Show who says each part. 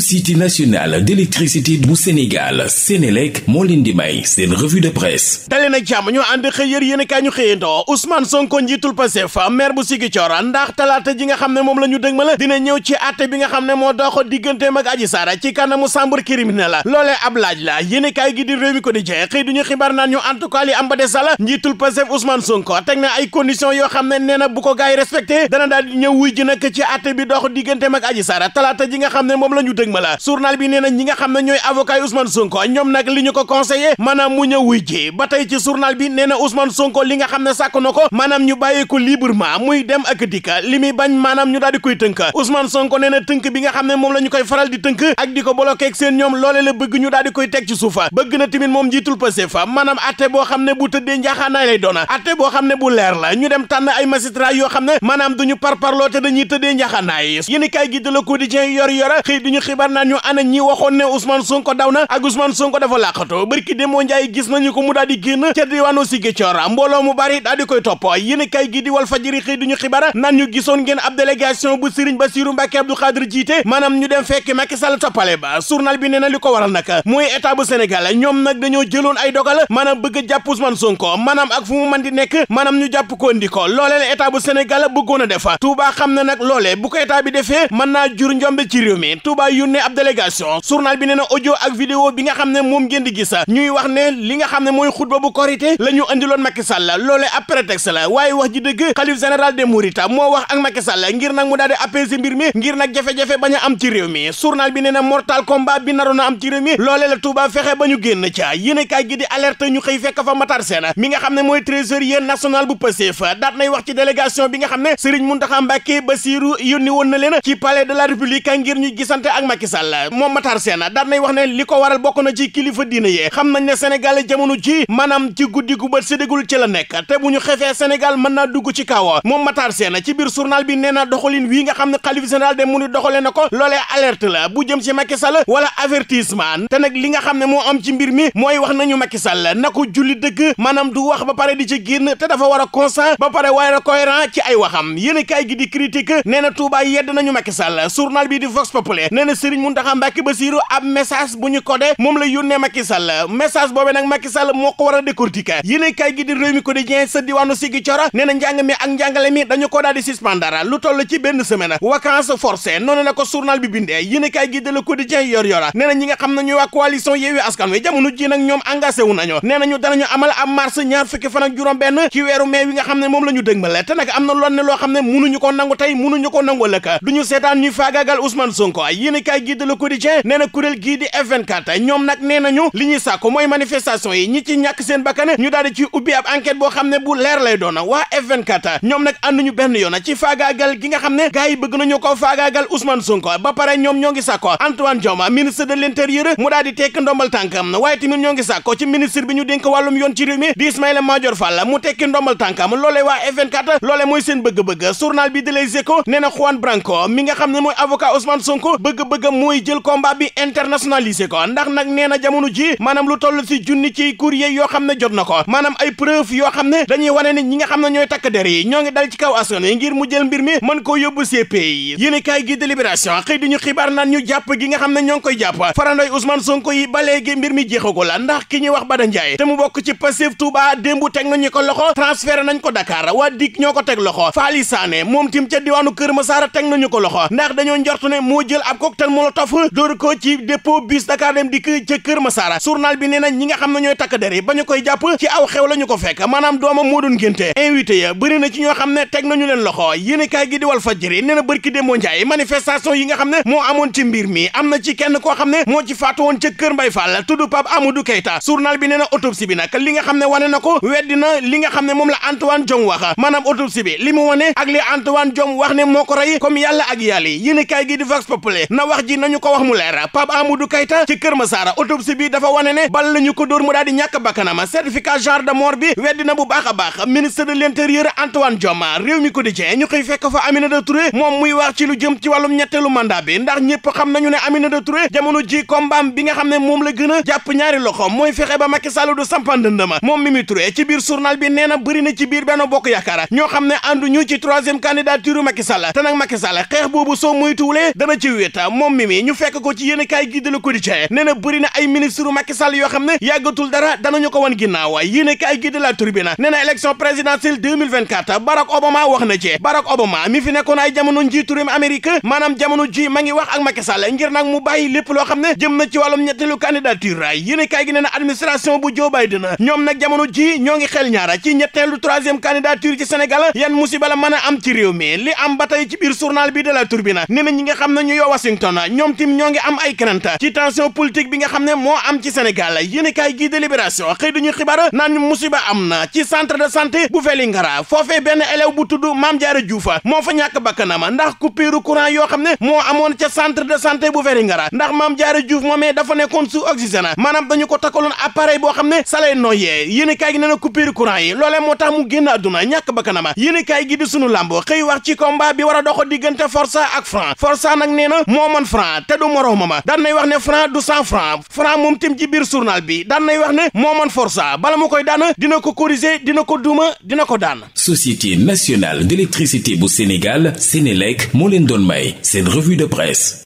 Speaker 1: société nationale d'électricité bu Sénégal Sénélec moo leen di may seen revue de presse dalee nag jàmm ñu ànd xëy yër yéen kaa ñu xëyandoo Ousmane Sonko njiitul Pastef maire bu Ziguinchor ndax talaata ji nga xam ne moom la ñu dëgmal dina ñëw ci àtte bi nga xam ne moo dox digganteem ak Adji Sarr ci kanamu chambre criminelle loolee ab laaj la yéen kaay gi di réew ko di jeex xëy duñu xibaar naan ñu en tout cas li am ba njiitul Pastef Ousmane dëgmala journal bi nee na ñi nga xam ne ñooy avocat yi Ousmane Sonko ñoom nag li ñu ko conseillé maanaam mu ñëw wuy ji ba tey ci journal bi nee na Ousmane li nga xam ne sàkk na ko maanaam ñu bàyyi ko librement muy dem ak dikka li bañ maanaam ñu daal di koy tënk Ousmane Sonko nee na tënk bi nga xam ne moom la ñu koy faral di tënk ak di ko bloqué ak seen ñoom loole la bëgg ñu daal di koy teg ci suufa bëgg na tamit moom njiitul Pastef maanaam atte boo ne bu tëddee njaaxaanaay boo xam ne bu leer la ñu dem tànn ay xam ne maanaam duñu parparloo te dañuy tëddee njaaxaanaay yéen xibaar naan ñu ana ñi waxoon ne Ousmane Sonko daw na ak Ousmane Sonko dafa làqatu bërki démoo njaay gis nañu ko mu daal di génn ca diwaanu Ziguinchor mbooloo mu bari daal di koy topp yéen kay gi di Walf Fadjri xëy duñu xibaar naan ñu gisoon ngeen ab délégation bu Serigne Bassirou Mbacké Abdou Khadre jiite maanaam ñu dem fekk Macky Sall toppale ba journal bi nee na li ko waral nag mooy état bu Sénégal ñoom nag dañoo jëloon ay dogal maanaam bëgg a jàpp Ousmane Sonko maanaam ak fu mu mën di nekk maanaam ñu jàpp ko ndi ko loolee la état bu Sénégal bëggoon a def Touba xam na nag bu ko état bi defee mën naa jur njombe ci réew mi Touba yónnee ab délégation journal bi nee na ak vidéo bi nga xam ne moom ngeen di gis ñuy wax ne li nga xam ne mooy xutba bu korité la ñu indiloon Macky Sall loolee ab prétexte la waaye wax ji dëgg xalif général des Mourides moo wax ak Macky Sall ngir nag mu daal di apaiser mbir mi ngir nag jafe-jafe bañ a am ci mi journal bi nee mortal combat bi naroon a am ci mi loolee la Touba fexe ba génn ca yéene kaay gi di ñu xëy fekk fa Matar Sène mi nga bi nga ne Serigne ak Macky Sall moom Matar Sène daan nay wax ne li ko waral bokk na ci kilifa diine yee xam nañ ne Sénégal jamono ji maanaam ci guddi gu bët séddégul ci la nekk te bu ñu xefee Sénégal mën naa dugg ci kaw moom Matar Sène ci biir journal bi nee na wii nga xam ne xalif général de mu ni doxalee na ko loolee alerte la bu jëm ci Macky Sall wala te nag li nga xam ne moo am ci mbir mi mooy wax nañu Macky la na ko julli dëgg maanaam du wax ba pare di ci génn te dafa a ba a cohérent ci ay waxam yéen a kaay gi di critique nee na Touba yedd nañu Macky Sall journal bi di Vox ne mun Mountakha Mbacké Bassirou ab message bu ñu codé moom la yónnee Macky Sall message boobee nag Macky moo ko war a décortiquer yéen kay gi di Rewmi Quotidien sa diwaanu Sigi Coro nee na njàng mi ak njàngale mi dañu ko daal di lu toll ci benn semaine vacances forcées noonu la ko journal bi bindee yéen kay gi de Le Quotidien yor yora na ñi nga xam ne ñuy waa coalition Yewwi Askan Wi jamono ji nag ñoom engagé wu nañu nga xam ne moom la ñu dëgmale te nag am na loon ne loo xam ne mënuñu ko nangu tey mënuñu ko nangu lëkk duñu seetaan ñuy faagaagal Ousmane Sonko yéen kaay gii de Le Quotidien nee na kuréel gii di ñoom nag nee nañu li ñuy sàkku mooy manifestation yi ñi ci ñàkk seen bakkan ñu daal ci ubbi ab boo xam ne bu leer lay doona waa F24 ñoom nag ànduñu benn yoon ci faagaagal gi nga xam ne gars yi bëgg nañu ko faagaagal Ousmane Sonko ba pare ñoom ñoo ngi sàkko Antoine Diome ministre de l'intérieur mu daal di tekk ndombal tànkam waaye tamit ñoo ngi sàkko ci ministre bi ñu dénk wàllum yoon bëgg-bëggam mooy jël combat bi internationalisé ko ndax nag nee na jamono ji maanaam lu toll si junni ci courrier yoo xam ne jot na ko maanaam ay preuve yoo xam ne dañuy wane ni ne yi ñoo ngi dal ci kaw askan wi ngir mu jël mbir ñu xibaar naan ñu jàpp gi nga xam ne ñoo ngi koy jàpp farandoy Ousmane Sonko yi ba léegi mbir mi jeexagul la ndax ki ñuy wax Bada Ndiaye te mu bokk ci Pastef Touba démbu teg nañu ko loxo transféré nañ ko Dakar waa dik ñoo ko teg loxo Faali Sané moom tim ca diwaanu Kër Massara teg nañu ko loxo ndax dañoo njort cocktail molotov dóor ko ci dépôt bus Dakar dem dikk ca Kër Massara bi nee na ñi nga xam ne ñooy takk der yi koy jàpp ci aw xew la ko fekk maanaam doomam moo doon ngénte invité ya bëri na ci ñoo xam ne teg nañu leen loxo yéene kaay gi di Walf Fadjri nee na bërki démboo Njaay manifestation yi nga xam ne moo amoon ci mbir mi am na ci kenn koo xam ne moo ci faatu woon ca Kër Mbay Fall tudd Pape Amadou Keita journal bi nee na bi nag li nga xam ne wane na ko weddi na li nga xam ne moom la Antoine Diome wax maanaam autopsie bi li mu wane ak li Antoine wax ne moo ko rey comme yàlla ak yàlla yéene kaay gi di na wax ji nañu ko wax mu leer Pape Amadou Keita ci Kër Masara autopsie bi dafa wane ne bal la ñu ko dóor mu daal di ñàkk bakkanam certificat genre de mort bi weddi na bu baax a baax ministre de l'intérieur Antoine Diome réew mi ko di cee ñu koy fekk fa Aminata Touré moom muy wax ci lu jëm ci wàllum ñetteelu mandat bi ndax ñëpp xam nañu ne Aminata Touré jamono ji kombaam bi nga xam ne moom la gën a jàpp ñaari loxo mooy fexe ba Macky Sall du sampandëndama moom Mimi Touré ci biir journal bi nee na bëri na ci biir Benno Bokk Yaakaar ñoo xam ne ànduñu ci troisième candidature Macky Sall te nag Macky Sall xeex boobu soo moytuwulee dana ci wéet moom mi mi ñu fekk ko ci yéenekaay gi de Le Quotidien nee na bëri na ay ministre Macky Sall yoo xam ne yàggatul dara danañu ko wan ginnaaw yéenekaay gi de La Tribune nee na élection présidentielle 2024 Barack Obama wax na ci Barack Obama mi fi nekkoon ay jamono njiitu réew mi Amérique maanaam jamono ji ma ngi wax ak Macky Sall ngir nag mu bàyyi lépp loo xam ne jëm na ci wàllum ñetteelu candidature yéenekaay gi nee na administration bu Joe Biden ñoom nag jamono ji ñoo ngi xel ñaara ci ñetteelu troisième candidature ci Sénégal yan musiba la mën a am ci réew mi li am ba tey ci biir journal bi de La Tribune nee na ñi nga xam ne ñu yoo Washington Washington ñoom tim ñoo ngi am ay crainte ci tension politique bi nga xam ne moo am ci Sénégal yéen kaay gi de Libération xëy dañu xibaar naan ñu musiba am na ci centre de santé bu Vélingara foofee benn élève bu tudd Mame Diarra Diouf moo fa ñàkk bakkanam ndax coupure courant yoo xam ne moo amoon ca centre de santé bu Vélingara ndax Mame Diarra Diouf moomee dafa nekkoon sous oxygène maanaam dañu ko takkaloon appareil boo xam ne salay noyyee yéen kaay gi nee na coupure courant yi loolee moo tax mu génn àdduna ñàkk bakkanam yéen kaay gi di sunu làmb xëy wax a amoon franc te du moroomam daan nay wax ne franc du cent franc franc moom tim ci biir journal bi daan nay wax ne moomoon forsa bala mu koy daan dina ko corriger dina ko duuma dina ko daan. Société nationale d'électricité bu Sénégal Sénélec moo leen doon may seen revue de presse.